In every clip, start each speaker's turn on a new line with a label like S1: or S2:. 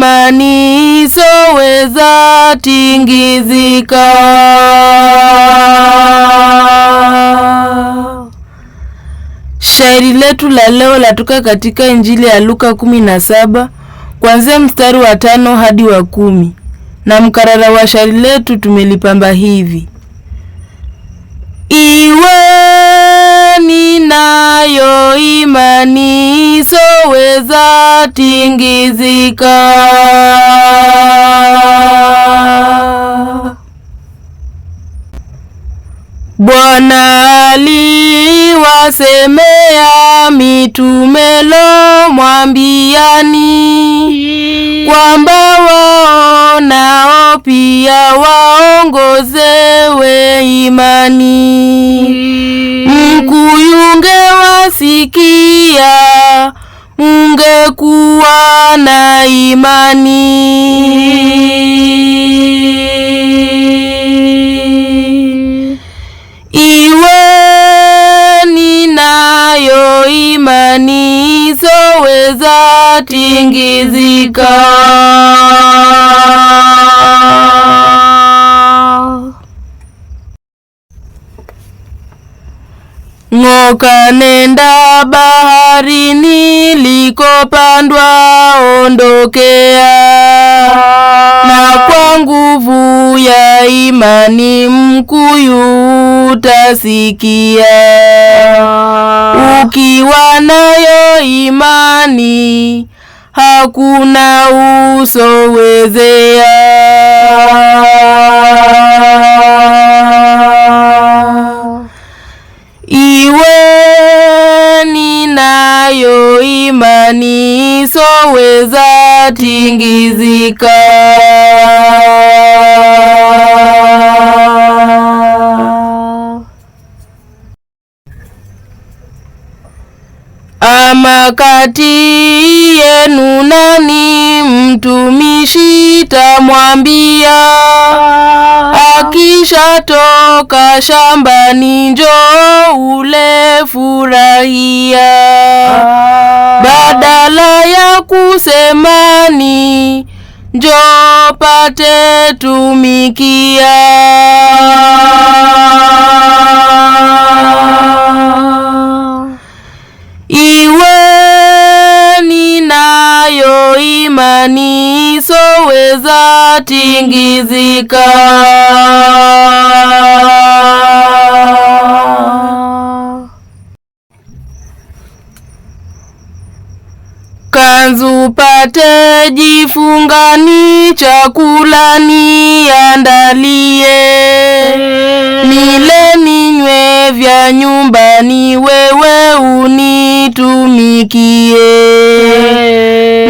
S1: imani isoweza tingizika. Shairi letu la leo latoka katika Injili ya Luka kumi na saba kuanzia mstari wa tano hadi wa kumi na mkarara wa shairi letu tumelipamba hivi: Iweni nayo imani isoweza tingizika. Bwana aliwasemea mitume lo, mwambiani kwamba waonao pia waongozewe imani, mkuyunge wasikia mungekuwa na imani. Iwe ninayo imani isoweza tingizika. Ng'oka nenda baharini, likopandwa ondokea, na kwa nguvu ya imani mkuyu utasikia. Ukiwa nayo imani, hakuna usowezea. weza tingizika. Ama kati yenu nani mtumishi tamwambia, akishatoka shambani njo ule furahia? Badala ya kusema ni pate tumikia. weza tingizika. Kanzu pate jifungani, chakula niandalie, nile ninywe vya nyumbani, wewe uni nitumikie,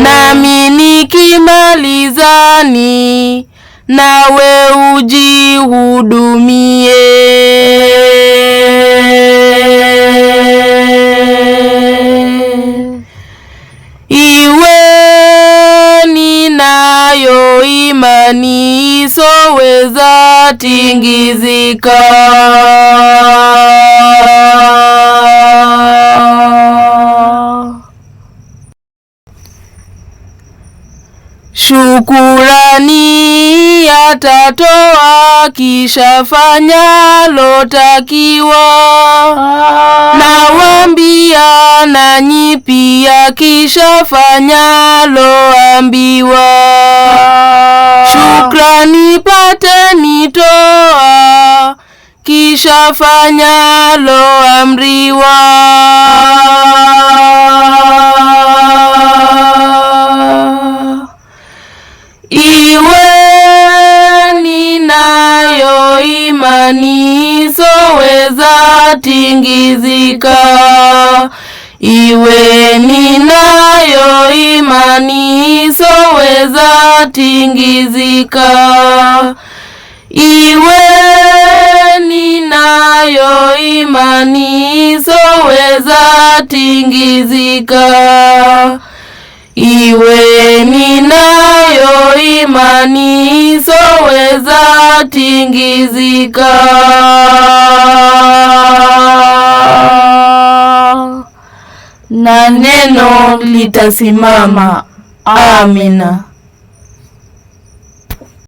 S1: nami nikimalizani nawe ujihudumie. ni nayo imani isoweza tingizika shukurani atatoa kisha fanya lotakiwa, ah. nawambia nanyi pia kisha fanya loambiwa. Ah. Shukrani pateni toa kisha fanya loamriwa. Ah. tingizika Iwe nayo imani isoweza tingizika. Iwe nayo imani isoweza tingizika. Iwe nayo imani isoweza tingizika. na neno litasimama. Amina.